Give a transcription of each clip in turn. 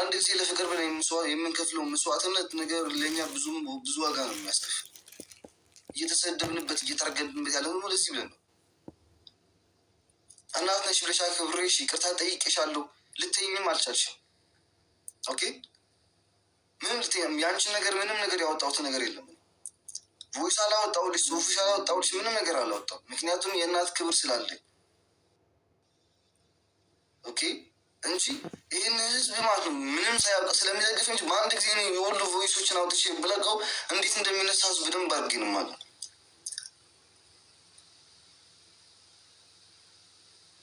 አንዳንድ ጊዜ ለፍቅር ብለን የምንከፍለው መስዋዕትነት ነገር ለእኛ ብዙም ብዙ ዋጋ ነው የሚያስከፍል። እየተሰደብንበት እየተረገምንበት ያለ ነው። ለዚህ ብለን ነው እናት ነሽ ብለሽ አክብሬሽ ይቅርታ ጠይቄሻለሁ፣ ልትይኝም አልቻልሽም። ኦኬ ምንም የአንችን ነገር ምንም ነገር ያወጣሁት ነገር የለም። ቮይስ አላወጣሁልሽ፣ ጽሑፍሽ አላወጣሁልሽ፣ ምንም ነገር አላወጣሁም። ምክንያቱም የእናት ክብር ስላለኝ ኦኬ እንጂ ይህን ህዝብ ማለት ነው ምንም ሳያውቅ ስለሚደግፍ እንጂ በአንድ ጊዜ ነው የሁሉ ቮይሶችን አውጥቼ ብለቀው እንዴት እንደሚነሳ ህዝብ በደንብ አድርጌ ነው ማለት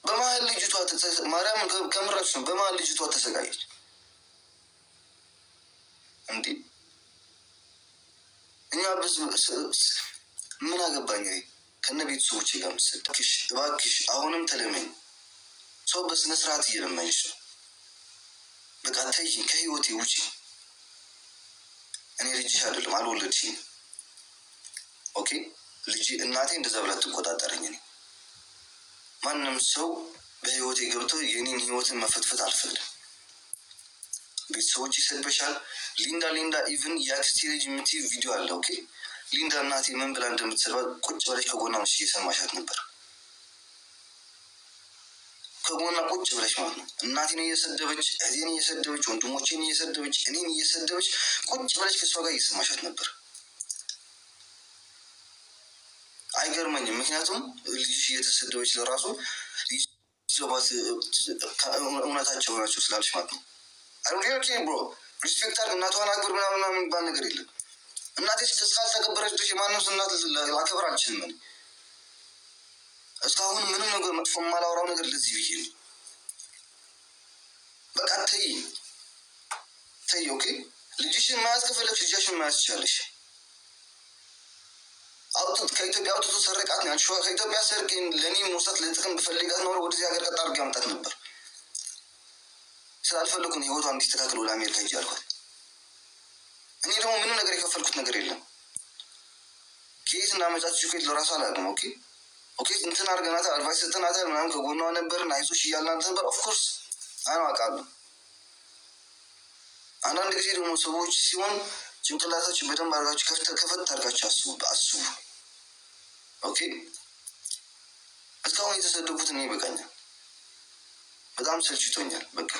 በመሀል ልጅቷ ማርያም ከምራች ነው። በመሀል ልጅቷ ተሰቃየች። እንዲ እኛ ምን አገባኝ ከነ ቤተሰቦቼ ጋር ምስል እባክሽ፣ አሁንም ተለመኝ ሰው በስነስርዓት እየለመንሽ ነው። በቃ ተይኝ፣ ከህይወቴ ውጪ። እኔ ልጅሽ አይደለም አልወለድሽኝ። ኦኬ ልጅ እናቴ እንደዛ ብላ ትቆጣጠረኝ። እኔ ማንም ሰው በህይወቴ ገብቶ የኔን ህይወትን መፈትፈት አልፈልግም። ቤተሰቦች ይሰድበሻል። ሊንዳ ሊንዳ ኢቭን የአክስቴ ልጅ ቪዲዮ አለ። ኦኬ ሊንዳ እናቴ ምን ብላ እንደምትሰድባት ቁጭ ብለሽ ከጎና ነሽ እየሰማሻት ነበር ከጎና ቁጭ ብለች ማለት ነው። እናቴን እየሰደበች እህቴን እየሰደበች ወንድሞቼን እየሰደበች እኔን እየሰደበች ቁጭ ብለች ከእሷ ጋር እየሰማሻት ነበር። አይገርመኝም። ምክንያቱም ልጅሽ እየተሰደበች ለራሱ እውነታቸው ናቸው ስላለች ማለት ነው። አይሁን ብሮ ሪስፔክት አድርግ፣ እናቷን አክብር ምናምን የሚባል ነገር የለም። እናቴ እስካልተከበረች ድረስ የማንም እናት ላከብር አልችልም። እስካሁን ምንም ነገር መጥፎ የማላወራው ነገር ለዚህ ብዬ ነው። በቃ ተይ ተይ። ኦኬ ልጅሽን መያዝ ከፈለግሽ ልጃሽን መያዝ ትችላለሽ። ከኢትዮጵያ አውጥቶ ሰርቃት ነው። ከኢትዮጵያ ሰርቅ ለእኔ መውሰት ለጥቅም ብፈልጋት ነው ወደዚህ ሀገር ቀጥ አድርጌ አመጣት ነበር። ስላልፈለኩን ህይወቷ እንዲስተካከል ወደ አሜሪካ ሂጅ አልኳት። እኔ ደግሞ ምንም ነገር የከፈልኩት ነገር የለም። ከየት እናመጫት ሽፌት ለራሱ አላውቅም። ኦኬ ኦኬ እንትን አርገናታል፣ አድቫይስ ስትናታል ምናምን ከጎኗ ነበርን፣ አይዞሽ እያልናት ነበር። ኦፍኮርስ አናውቃለሁ። አንዳንድ ጊዜ ደግሞ ሰዎች ሲሆን ጭንቅላታችሁ በደንብ ከፍተ ከፈት አድርጋችሁ አስቡ አስቡ። ኦኬ እስካሁን የተሰደቡት እኔ ይበቃኛል፣ በጣም ሰልችቶኛል። በቃ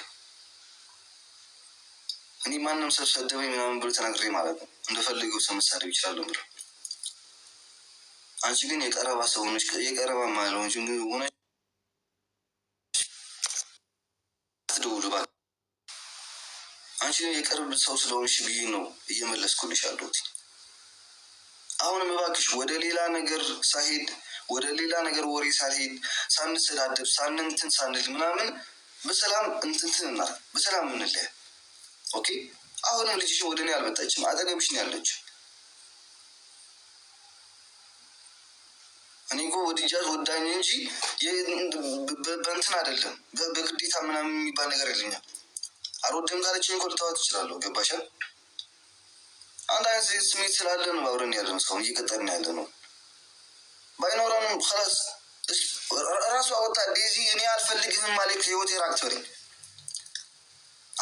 እኔ ማንም ሰው ሰደበኝ ምናምን ብሎ ተናግሬ ማለት ነው እንደፈለገው ሰው መሳደብ ይችላለሁ ብለው አንቺ ግን የቀረባ ሰው ነች። የቀረባ ማለው እንጂ ሆነ ደውል ባ አንቺ ግን የቅርብ ሰው ስለሆንሽ ብዬ ነው እየመለስኩልሽ አለሁት። አሁንም እባክሽ ወደ ሌላ ነገር ሳሄድ ወደ ሌላ ነገር ወሬ ሳልሄድ ሳንሰዳደብ ሳንንትን ሳንል ምናምን በሰላም እንትንትን እናል በሰላም እንለያ። ኦኬ አሁንም ልጅሽ ወደ እኔ አልመጣችም፣ አጠገብሽ ነው ያለችው። እኔ እኮ ወድጃት ወዳኝ እንጂ በእንትን አይደለም፣ በግዴታ ምናምን የሚባል ነገር የለኛል። አልወደም ካለችኝ እኮ ልታወት እችላለሁ። ገባሻል? አንድ አይነት ስሜት ስላለ ነው አብረን ያለ ነው እስካሁን እየቀጠልን ያለ ነው። ባይኖረም ላስ ራሱ አወጣ ዴዚ፣ እኔ አልፈልግህም ማለት ህይወት ራክተሪ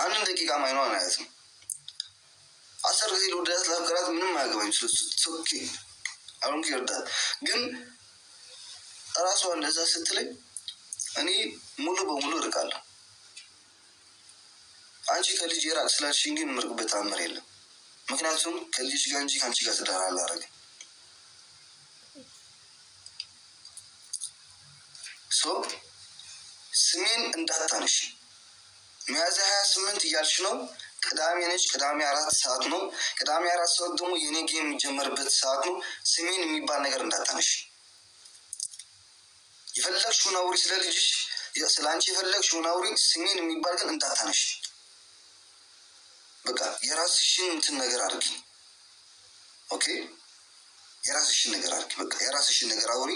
አንድን ደቂቃ ማይኖ አናያት ነው። አስር ጊዜ ለወዳት ላፍቀራት ምንም አያገባኝ። ሶኬ አሁን ይርዳል ግን እራሷ እንደዛ ስትለኝ እኔ ሙሉ በሙሉ እርቃለሁ። አንቺ ከልጅ የራቅ ስላልሽኝ ግን ምርቅበት አምር የለም። ምክንያቱም ከልጅ ጋር እንጂ ከአንቺ ጋር ትዳር አላረግም። ሶ ስሜን እንዳታነሽ ሚያዝያ ሀያ ስምንት እያልሽ ነው። ቅዳሜ ነች። ቅዳሜ አራት ሰዓት ነው። ቅዳሜ አራት ሰዓት ደግሞ የኔ ጌም የሚጀመርበት ሰዓት ነው። ስሜን የሚባል ነገር እንዳታነሽ። የፈለግሽውን አውሪ ስለ ልጅሽ፣ ስለ አንቺ የፈለግሽውን አውሪ። ስሜን የሚባል ግን እንዳታነሽ። በቃ የራስሽን እንትን ነገር አድርጊ። ኦኬ፣ የራስሽን ነገር አድርጊ። በቃ የራስሽን ነገር አውሪ፣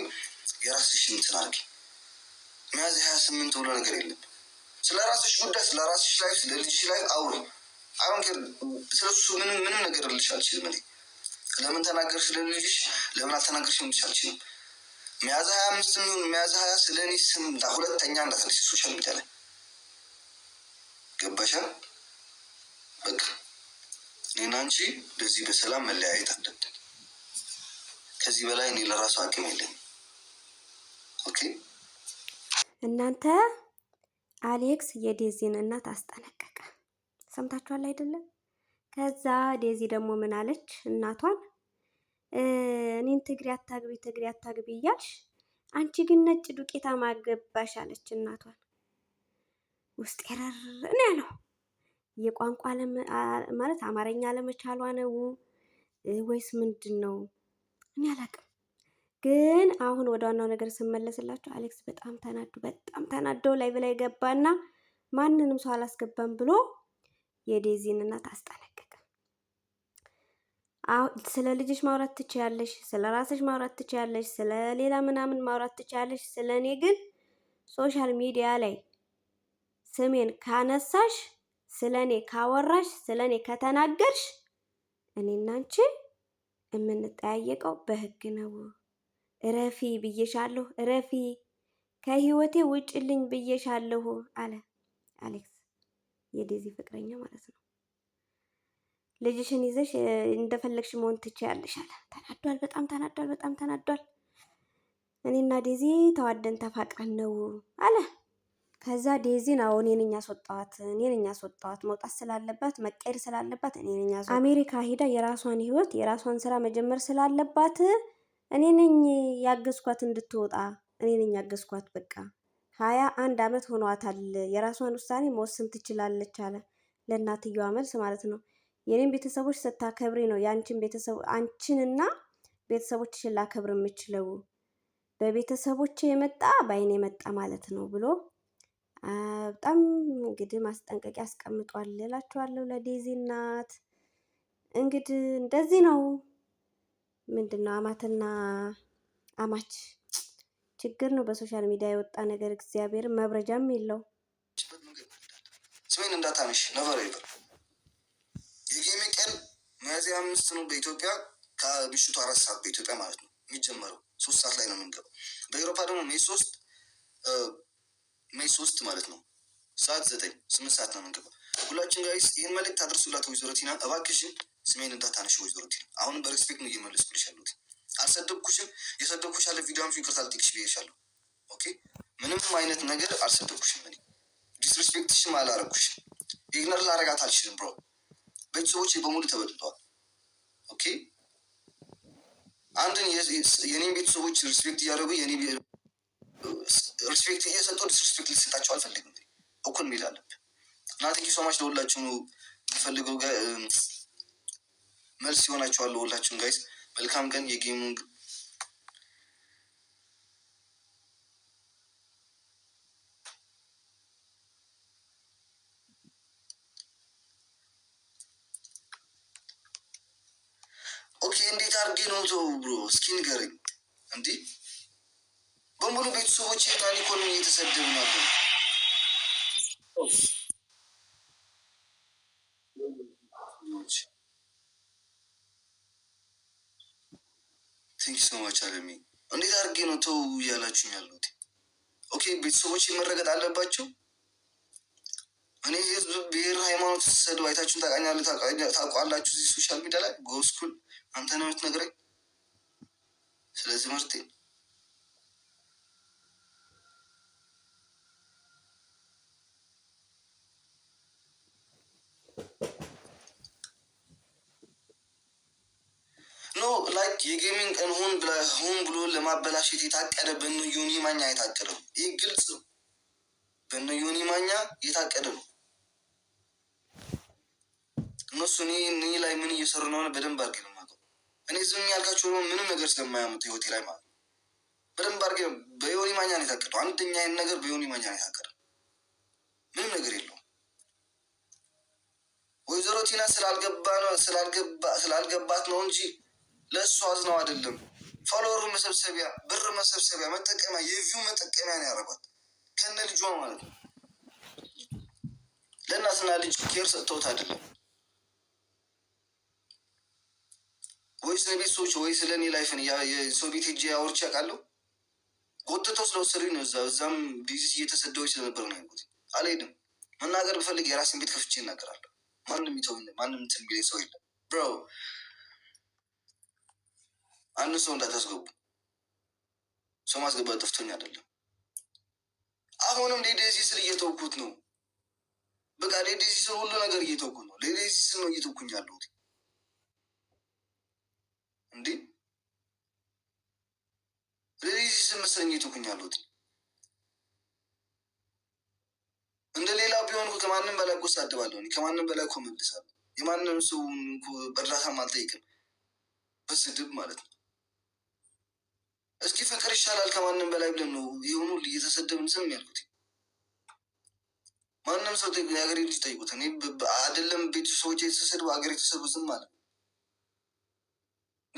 የራስሽን እንትን አድርጊ። ሚያዝያ ሀያ ስምንት ብሎ ነገር የለም። ስለ ራስሽ ጉዳይ፣ ስለ ራስሽ ላይፍ ስለ ልጅሽ ላይፍ አውሪ። አሁን ስለ እሱ ምንም ምንም ነገር ልልሽ አልችልም እኔ። ለምን ተናገርሽ? ስለ ልጅሽ ለምን አልተናገርሽ? ልልሽ አልችልም ሚያዝያ ሀያ አምስት የሚሆን ሚያዝያ ሀያ ስለ እኔ ስም ሁለተኛ እናት ነች ሶሻል ሚዲያ ላይ ገባሻል። በቃ እኔና አንቺ እንደዚህ በሰላም መለያየት አለብን። ከዚህ በላይ እኔ ለራሱ አቅም የለኝም። ኦኬ እናንተ አሌክስ የዴዚን እናት አስጠነቀቀ። ሰምታችኋል አይደለም? ከዛ ዴዚ ደግሞ ምን አለች እናቷን እኔን ትግሬ አታግቢ ትግሬ አታግቢ እያልሽ አንቺ ግን ነጭ ዱቄታ ማገባሽ አለች እናቷን። ውስጥ የረር ነው ያለው። የቋንቋ ማለት አማርኛ አለመቻሏ ነው ወይስ ምንድን ነው? እኔ ግን አሁን ወደ ዋናው ነገር ስመለስላቸው አሌክስ በጣም ተናዱ። በጣም ተናደው ላይ በላይ ገባና ማንንም ሰው አላስገባም ብሎ የዴዚን እናት አስጠነ ስለ ልጅሽ ማውራት ትችያለሽ፣ ስለ ራስሽ ማውራት ትችያለሽ፣ ስለ ሌላ ምናምን ማውራት ትችያለሽ። ስለ እኔ ግን ሶሻል ሚዲያ ላይ ስሜን ካነሳሽ፣ ስለ እኔ ካወራሽ፣ ስለ እኔ ከተናገርሽ እኔ አንቺ የምንጠያየቀው በህግ ነው። እረፊ ብዬሻለሁ፣ እረፊ ከህይወቴ ውጭልኝ ብዬሻለሁ አለ አሌክስ፣ የዴዚ ፍቅረኛ ማለት ነው። ልጅሽን ይዘሽ እንደፈለግሽ መሆን ትችያለሽ አለ። ተናዷል፣ በጣም ተናዷል፣ በጣም ተናዷል። እኔና ዴዚ ተዋደን ተፋቅረን ነው አለ። ከዛ ዴዚን አዎ እኔ ነኝ ያስወጣኋት፣ እኔ ነኝ ያስወጣኋት፣ መውጣት ስላለባት መቀየር ስላለባት እኔ ነኝ ያስወጣኋት። አሜሪካ ሂዳ የራሷን ህይወት የራሷን ስራ መጀመር ስላለባት እኔ ነኝ ያገዝኳት እንድትወጣ፣ እኔ ነኝ ያገዝኳት። በቃ ሀያ አንድ አመት ሆኗታል፣ የራሷን ውሳኔ መወሰን ትችላለች አለ ለእናትየዋ መልስ ማለት ነው። የኔን ቤተሰቦች ስታከብሪ ነው የአንቺን ቤተሰብ አንቺንና ቤተሰቦችሽን ላከብር የምችለው በቤተሰቦች የመጣ በአይን የመጣ ማለት ነው ብሎ በጣም እንግዲህ ማስጠንቀቂያ አስቀምጧል እላችኋለሁ። ለዴዚ እናት እንግዲህ እንደዚህ ነው። ምንድን ነው አማትና አማች ችግር ነው። በሶሻል ሚዲያ የወጣ ነገር እግዚአብሔር መብረጃም የለው ስሜን እንዳታነሽ ነበር የፍየሜ ቀን ሚያዝያ አምስት ነው በኢትዮጵያ ከምሽቱ አራት ሰዓት በኢትዮጵያ ማለት ነው የሚጀመረው። ሶስት ሰዓት ላይ ነው የምንገባው። በኤሮፓ ደግሞ ሜይ ሶስት ሜይ ሶስት ማለት ነው ሰዓት ዘጠኝ ስምንት ሰዓት ነው የምንገባው። ሁላችን ጋይስ ይህን መልእክት አድርሱላት ወይዘሮ ቲና እባክሽን፣ ስሜን እንዳታነሽ ወይዘሮ ቲና። አሁንም በሬስፔክት ነው እየመለስኩልሽ ያለሁት። አልሰደብኩሽም። የሰደብኩሽ ያለ ቪዲዮ ቪዲዮምሽ ይቅርታ ልጠይቅሽ ብዬሻለሁ። ኦኬ ምንም አይነት ነገር አልሰደብኩሽም። እኔ ዲስሪስፔክትሽም አላረግኩሽም። ኢግነር ላረጋት አልችልም ብሮ ቤተሰቦች በሙሉ ተበድሏል። ኦኬ አንድን የኔን ቤተሰቦች ሪስፔክት እያደረጉ ሪስፔክት እየሰጡ ዲስሪስፔክት ሊሰጣቸው አልፈልግም። እኩል ሚል አለብን እና ቴንኪ ሶማች ለሁላችሁ የሚፈልገው መልስ ይሆናችኋል። ለሁላችሁም ጋይስ መልካም ቀን የጌሙ ኦኬ፣ እንዴት አድርጌ ነው ተው ብሎ እስኪ ንገረኝ። እንዲ በሙሉ ቤተሰቦች እና ኒኮን እየተሰደቡ ነበር። ቴንኪ ሶማች አለሚ። እንዴት አድርጌ ነው ተው እያላችሁኝ ያሉት? ኦኬ፣ ቤተሰቦች መረገጥ አለባቸው። እኔ ብሔር ሃይማኖት ስሰዱ አይታችሁን ታቃኛለ ታቋላችሁ እዚህ ሶሻል ሚዲያ ላይ ጎስኩል አንተ ነው የምትነግረኝ ስለ ትምህርቴ። ኖ ላይክ የጌሚንግ እንሆን ሆን ብሎ ለማበላሸት የታቀደ በነ ዮኒ ማኛ የታቀደ ነው። ይህ ግልጽ ነው። በነ ዮኒ ማኛ የታቀደ ነው። እነሱ እኔ ላይ ምን እየሰሩ እንደሆነ በደንብ አድርጌ ነው የማውቀው። እኔ ዝም ያልካቸው ደግሞ ምንም ነገር ስለማያመጡ ህይወቴ ላይ ማለት ነው። በደንብ አድርጌ በዮኒ ማኛ ነው የታቀደ። አንደኛ ነገር በዮኒ ማኛ ነው የታቀደው። ምንም ነገር የለውም። ወይዘሮ ቲና ስላልገባ ነው ስላልገባት ነው እንጂ ለእሱ አዝነው አይደለም። ፎሎወር መሰብሰቢያ፣ ብር መሰብሰቢያ፣ መጠቀሚያ፣ የቪው መጠቀሚያ ነው ያረባት ከነ ልጇ ማለት ነው። ለእናትና ልጅ ኬር ሰጥተውት አይደለም። ወይ ስለ ቤት ሰዎች ወይ ስለ እኔ ላይፍን ሰው ቤት ሄጄ አውርቼ አውቃለሁ። ጎትተው ስለወሰዱኝ ነው። እዛ እዛም ዲዚስ እየተሰደዎች ስለነበር ነው ያልኩት። አልሄድም። መናገር ብፈልግ የራስን ቤት ከፍቼ እናገራለሁ። ማንም ይተውኝ፣ ማንም እንትን ቢለኝ ሰው የለም። ብሮ አንድ ሰው እንዳታስገቡ። ሰው ማስገባት ጠፍቶኝ አይደለም። አሁንም ዴዴዚ ስር እየተውኩት ነው። በቃ ዴዴዚ ስር ሁሉ ነገር እየተውኩት ነው። ዴዴዚ ስር ነው እየተውኩኝ ያለሁት። እንዴ ለዚህ መሰኝቱ ኩኛሉት እንደ ሌላ ቢሆን ከማንም በላይ እኮ ሳድባለሁ፣ ከማንም በላይ እኮ መልሳለሁ። የማንም ሰው በእርዳታም አልጠይቅም፣ በስድብ ማለት ነው። እስኪ ፍቅር ይሻላል ከማንም በላይ ብለን ነው የሆኑ እየተሰደብን ዝም ያልኩት። ማንም ሰው የሀገሬ ልጅ ጠይቁት። እኔ አይደለም ቤቱ ሰዎች የተሰደቡ ሀገሬ የተሰሩ ዝም ማለት ነው።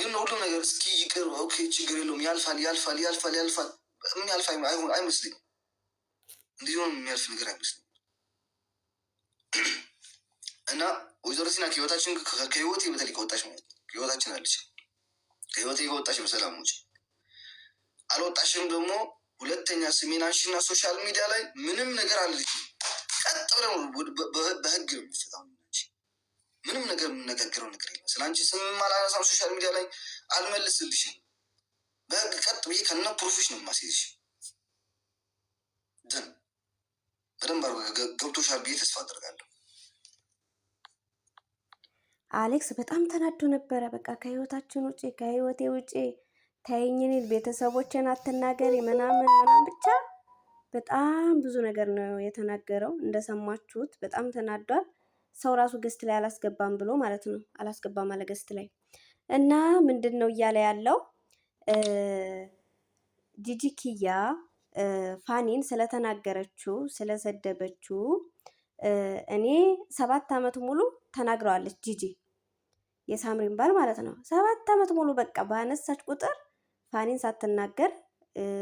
ግን ሁሉ ነገር እስኪ ይቅር፣ ኦኬ፣ ችግር የለውም፣ ያልፋል፣ ያልፋል፣ ያልፋል፣ ያልፋል የሚያልፍ አይመስልኝም። እንዲህ ሆን የሚያልፍ ነገር አይመስልኝ። እና ወይዘሮ ሲና ከህይወታችን ከህይወት በተለይ ከወጣች ማለት ከህይወታችን አለች ከህይወት ከወጣች በሰላም ውጭ አልወጣሽም። ደግሞ ሁለተኛ ስሜን አንሺና ሶሻል ሚዲያ ላይ ምንም ነገር አለች። ቀጥ ብለ በህግ ነው የሚፈታው ምንም ነገር የምነጋገረው ነገር የለም። ስለ አንቺ ስም አላነሳም፣ ሶሻል ሚዲያ ላይ አልመልስልሽም። በህግ ቀጥ ብዬ ከነ ፕሮፌሽ ነው የማስይዝሽ። ደን በደንብ ገብቶሻል ብዬ ተስፋ አደርጋለሁ። አሌክስ በጣም ተናዶ ነበረ። በቃ ከህይወታችን ውጭ ከህይወቴ ውጭ ታይኝን ቤተሰቦችን አትናገሪ ምናምን ምናምን ብቻ በጣም ብዙ ነገር ነው የተናገረው። እንደሰማችሁት በጣም ተናዷል። ሰው ራሱ ገስት ላይ አላስገባም ብሎ ማለት ነው። አላስገባም አለ ገስት ላይ እና ምንድን ነው እያለ ያለው ጂጂኪያ ፋኒን ስለተናገረችው ስለሰደበችው እኔ ሰባት ዓመት ሙሉ ተናግረዋለች። ጂጂ የሳምሪን ባል ማለት ነው። ሰባት ዓመት ሙሉ በቃ ባነሳች ቁጥር ፋኒን ሳትናገር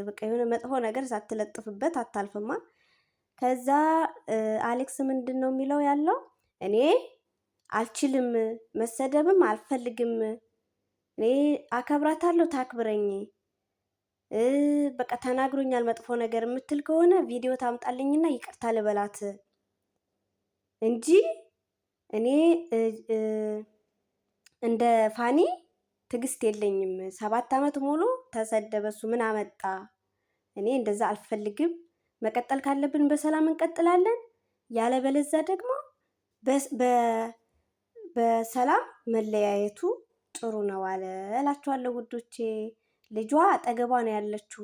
በቃ የሆነ መጥፎ ነገር ሳትለጥፍበት አታልፍማ። ከዛ አሌክስ ምንድን ነው የሚለው ያለው እኔ አልችልም፣ መሰደብም አልፈልግም። እኔ አከብራታለሁ፣ ታክብረኝ። በቃ ተናግሮኛል መጥፎ ነገር የምትል ከሆነ ቪዲዮ ታምጣልኝና ይቅርታ ልበላት እንጂ እኔ እንደ ፋኒ ትዕግስት የለኝም። ሰባት ዓመት ሙሉ ተሰደበ፣ እሱ ምን አመጣ? እኔ እንደዛ አልፈልግም። መቀጠል ካለብን በሰላም እንቀጥላለን፣ ያለበለዛ ደግሞ በሰላም መለያየቱ ጥሩ ነው አለ እላችኋለሁ ውዶቼ። ልጇ አጠገቧ ነው ያለችው።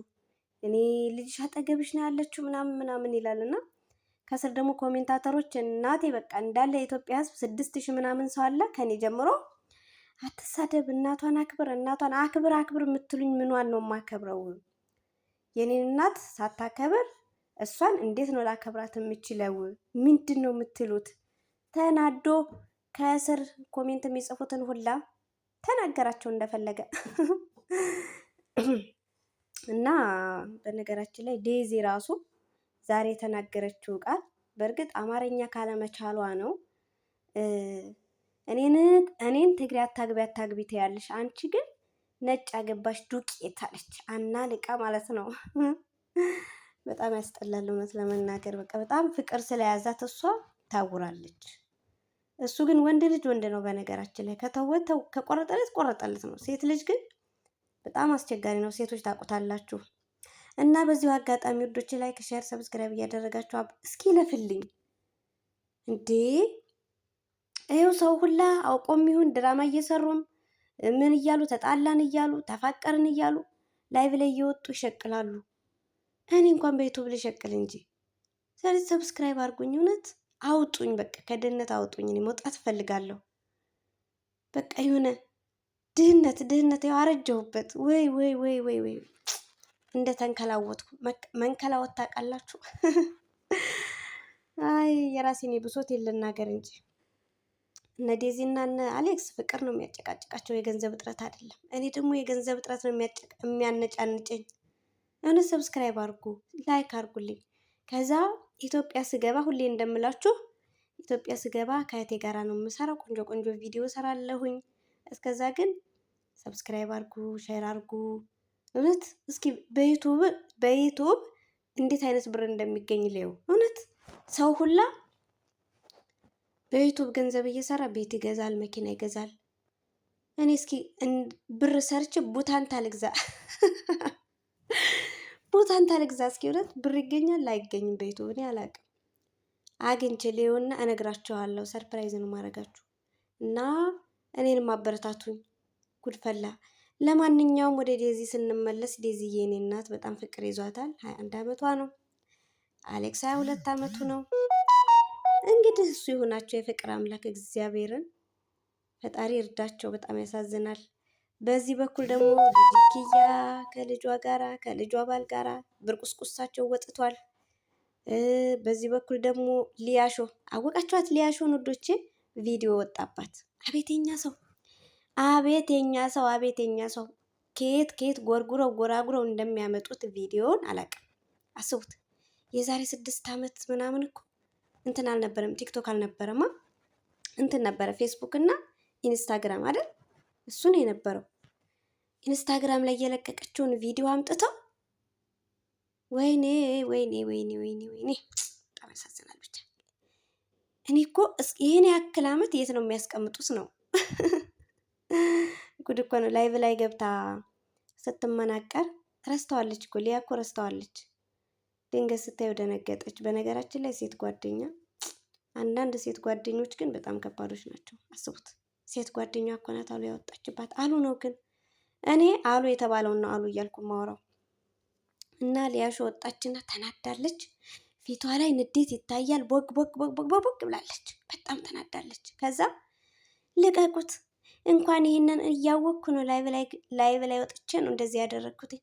እኔ ልጅሽ አጠገብሽ ነው ያለችው ምናምን ምናምን ይላል እና ከስር ደግሞ ኮሜንታተሮች እናቴ በቃ እንዳለ የኢትዮጵያ ሕዝብ ስድስት ሺህ ምናምን ሰው አለ ከኔ ጀምሮ አትሳደብ፣ እናቷን አክብር፣ እናቷን አክብር አክብር የምትሉኝ ምኗን ነው የማከብረው? የኔን እናት ሳታከብር እሷን እንዴት ነው ላከብራት የምችለው? ምንድን ነው የምትሉት? ተናዶ ከስር ኮሜንት የሚጽፉትን ሁላ ተናገራቸው እንደፈለገ እና በነገራችን ላይ ዴዚ ራሱ ዛሬ የተናገረችው ቃል በእርግጥ አማርኛ ካለመቻሏ ነው። እኔን ትግሬ አታግቢ አታግቢ ትያለሽ፣ አንቺ ግን ነጭ አገባሽ ዱቄት አለች። አና ልቃ ማለት ነው። በጣም ያስጠላል። እውነት ለመናገር በቃ በጣም ፍቅር ስለያዛት እሷ ታውራለች። እሱ ግን ወንድ ልጅ ወንድ ነው። በነገራችን ላይ ከተወተው ከቆረጠለት ቆረጠለት ነው። ሴት ልጅ ግን በጣም አስቸጋሪ ነው። ሴቶች ታውቁታላችሁ። እና በዚሁ አጋጣሚ ውዶች ላይክ፣ ሼር፣ ሰብስክራይብ እያደረጋችሁ እስኪ ለፍልኝ እንዴ! ይኸው ሰው ሁላ አውቆም ይሁን ድራማ እየሰሩም ምን እያሉ ተጣላን እያሉ ተፋቀርን እያሉ ላይቭ ላይ እየወጡ ይሸቅላሉ። እኔ እንኳን በዩቱብ ልሸቅል እንጂ። ስለዚህ ሰብስክራይብ አድርጉኝ እውነት አውጡኝ፣ በቃ ከድህነት አውጡኝ፣ እኔ መውጣት እፈልጋለሁ። በቃ የሆነ ድህነት ድህነት ያው አረጀሁበት። ወይ ወይ ወይ ወይ ወይ እንደ ተንከላወትኩ መንከላወት ታውቃላችሁ። አይ የራሴን ብሶት ልናገር እንጂ እነ ዴዚና እነ አሌክስ ፍቅር ነው የሚያጨቃጭቃቸው፣ የገንዘብ እጥረት አይደለም። እኔ ደግሞ የገንዘብ እጥረት ነው የሚያነጫንጨኝ። እነ ሰብስክራይብ አድርጉ፣ ላይክ አድርጉልኝ። ከዛ ኢትዮጵያ ስገባ ሁሌ እንደምላችሁ ኢትዮጵያ ስገባ ከእህቴ ጋራ ነው የምሰራው። ቆንጆ ቆንጆ ቪዲዮ ሰራለሁኝ። እስከዛ ግን ሰብስክራይብ አርጉ፣ ሼር አርጉ እውነት እስኪ በዩቱብ በዩቱብ እንዴት አይነት ብር እንደሚገኝ ሊየው። እውነት ሰው ሁላ በዩቱብ ገንዘብ እየሰራ ቤት ይገዛል፣ መኪና ይገዛል። እኔ እስኪ ብር ሰርች ቡታንታ ልግዛ። ቦታ እንትን አልግዛ እስኪ እውነት ብር ይገኛል አይገኝም ቤቱ እኔ አላውቅም። አግኝቼ ሊሆንና እነግራችኋለሁ። ሰርፕራይዝ ነው ማድረጋችሁ እና እኔንም አበረታቱኝ ጉድፈላ። ለማንኛውም ወደ ዴዚ ስንመለስ ዴዚ የኔ እናት በጣም ፍቅር ይዟታል። ሀያ አንድ አመቷ ነው። አሌክስ ሀያ ሁለት አመቱ ነው። እንግዲህ እሱ የሆናቸው የፍቅር አምላክ እግዚአብሔርን ፈጣሪ እርዳቸው። በጣም ያሳዝናል። በዚህ በኩል ደግሞ ኪያ ከልጇ ጋራ ከልጇ ባል ጋራ ብርቁስቁሳቸው ወጥቷል። በዚህ በኩል ደግሞ ሊያሾ አወቃችኋት። ሊያሾን ወዶቼ ቪዲዮ ወጣባት። አቤተኛ ሰው አቤተኛ ሰው አቤተኛ ሰው ከየት ከየት ጎርጉረው ጎራጉረው እንደሚያመጡት ቪዲዮን አላውቅም። አስቡት የዛሬ ስድስት ዓመት ምናምን እኮ እንትን አልነበረም፣ ቲክቶክ አልነበረማ፣ እንትን ነበረ ፌስቡክ እና ኢንስታግራም አይደል? እሱ ነው የነበረው። ኢንስታግራም ላይ የለቀቀችውን ቪዲዮ አምጥተው ወይኔ ወይኔ ወይኔ ወይኔ ወይኔ በጣም ያሳዝናል። ብቻ እኔ እኮ ይህን ያክል አመት የት ነው የሚያስቀምጡት ነው ጉድ እኮ ነው። ላይቭ ላይ ገብታ ስትመናቀር ረስተዋለች እኮ ሊያ እኮ ረስተዋለች። ድንገት ስታዩ ደነገጠች። በነገራችን ላይ ሴት ጓደኛ አንዳንድ ሴት ጓደኞች ግን በጣም ከባዶች ናቸው። አስቡት። ሴት ጓደኛ እኮ ናት አሉ ያወጣችባት። አሉ ነው ግን እኔ አሉ የተባለው ነው አሉ እያልኩ ማውራው እና ሊያሾ ወጣችና ተናዳለች። ፊቷ ላይ ንዴት ይታያል። ቦግ ቦግ ቦግ ቦግ ቦግ ብላለች። በጣም ተናዳለች። ከዛ ልቀቁት፣ እንኳን ይህንን እያወቅኩ ነው ላይቭ ላይ ወጥቼ ነው እንደዚህ ያደረግኩት።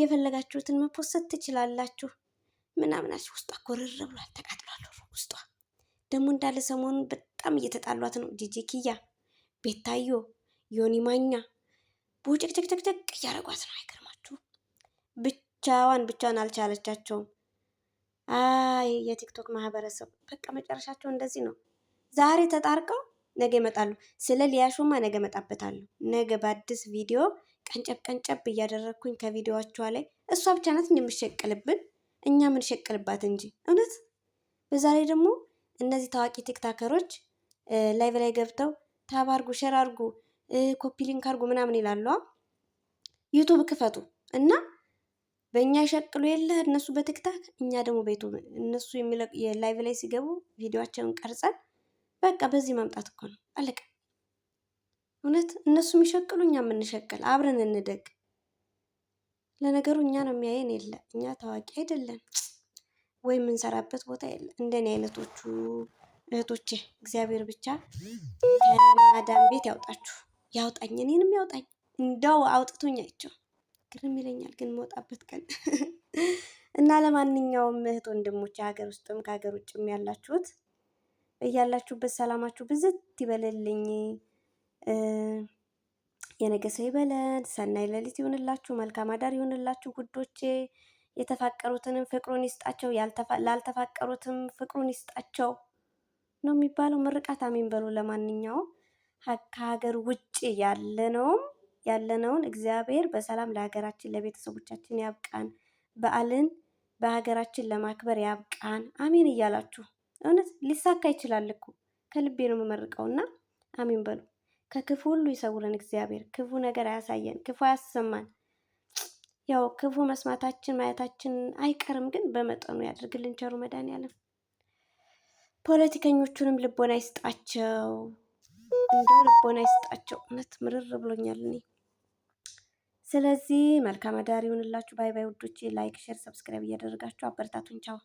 የፈለጋችሁትን መፖሰት ትችላላችሁ ምናምናችሁ። ውስጧ ኮርር ብሏል፣ ተቃጥሏል ውስጧ ደግሞ እንዳለ ሰሞኑን በጣም እየተጣሏት ነው ጂጂ ኪያ ቤታዮ ዮኒ ማኛ ቡጭቅጭቅጭቅጭቅ እያደረጓት ነው። አይገርማችሁ! ብቻዋን ብቻዋን አልቻለቻቸውም። አይ የቲክቶክ ማህበረሰብ በቃ መጨረሻቸው እንደዚህ ነው። ዛሬ ተጣርቀው ነገ ይመጣሉ። ስለ ሊያሾማ ነገ እመጣበታለሁ። ነገ በአዲስ ቪዲዮ ቀንጨብ ቀንጨብ እያደረግኩኝ ከቪዲዮቿ ላይ እሷ ብቻ ናት እንደምሸቅልብን እኛ ምንሸቅልባት እንጂ እውነት። በዛ ላይ ደግሞ እነዚህ ታዋቂ ቲክታከሮች ላይቭ ላይ ገብተው ታብ አርጉ፣ ሼር አርጉ፣ ኮፒሊንክ አርጉ ምናምን ይላሉ። ዩቱብ ክፈቱ እና በእኛ ይሸቅሉ የለ እነሱ በቲክታክ እኛ ደግሞ ቤቱ እነሱ የላይቭ ላይ ሲገቡ ቪዲዮቸውን ቀርጸን በቃ በዚህ ማምጣት እኮ ነው አለቀ። እውነት እነሱ የሚሸቅሉ እኛ የምንሸቅል አብረን እንደግ። ለነገሩ እኛ ነው የሚያየን የለ እኛ ታዋቂ አይደለን ወይ የምንሰራበት ቦታ የለ እንደኔ አይነቶቹ እህቶቼ እግዚአብሔር ብቻ ከማዳም ቤት ያውጣችሁ፣ ያውጣኝ፣ እኔንም ያውጣኝ። እንደው አውጥቶኝ አይቼው ግርም ይለኛል፣ ግን መውጣበት ቀን እና ለማንኛውም እህት ወንድሞች የሀገር ውስጥም ከሀገር ውጭም ያላችሁት እያላችሁበት ሰላማችሁ ብዝት ይበልልኝ። የነገ ሰው ይበለን። ሰናይ ሌሊት ይሆንላችሁ። መልካም አዳር ይሆንላችሁ ውዶቼ። የተፋቀሩትንም ፍቅሩን ይስጣቸው፣ ላልተፋቀሩትም ፍቅሩን ይስጣቸው። ነው የሚባለው። ምርቃት አሜን በሉ። ለማንኛውም ከሀገር ውጭ ያለነውም ያለነውን እግዚአብሔር በሰላም ለሀገራችን ለቤተሰቦቻችን ያብቃን። በዓልን በሀገራችን ለማክበር ያብቃን። አሜን እያላችሁ እውነት ሊሳካ ይችላል እኮ ከልቤ ነው የምመርቀውና አሜን በሉ። ከክፉ ሁሉ ይሰውረን እግዚአብሔር። ክፉ ነገር አያሳየን፣ ክፉ አያሰማን። ያው ክፉ መስማታችን ማየታችን አይቀርም፣ ግን በመጠኑ ያደርግልን ቸሩ መድኃኔዓለም። ፖለቲከኞቹንም ልቦና ይስጣቸው፣ እንደው ልቦና ይስጣቸው። እውነት ምርር ብሎኛል እኔ። ስለዚህ መልካም አዳር ይሁንላችሁ። ባይ ባይ ውዶቼ። ላይክ፣ ሼር፣ ሰብስክራይብ እያደረጋችሁ አበረታቱን። ቻው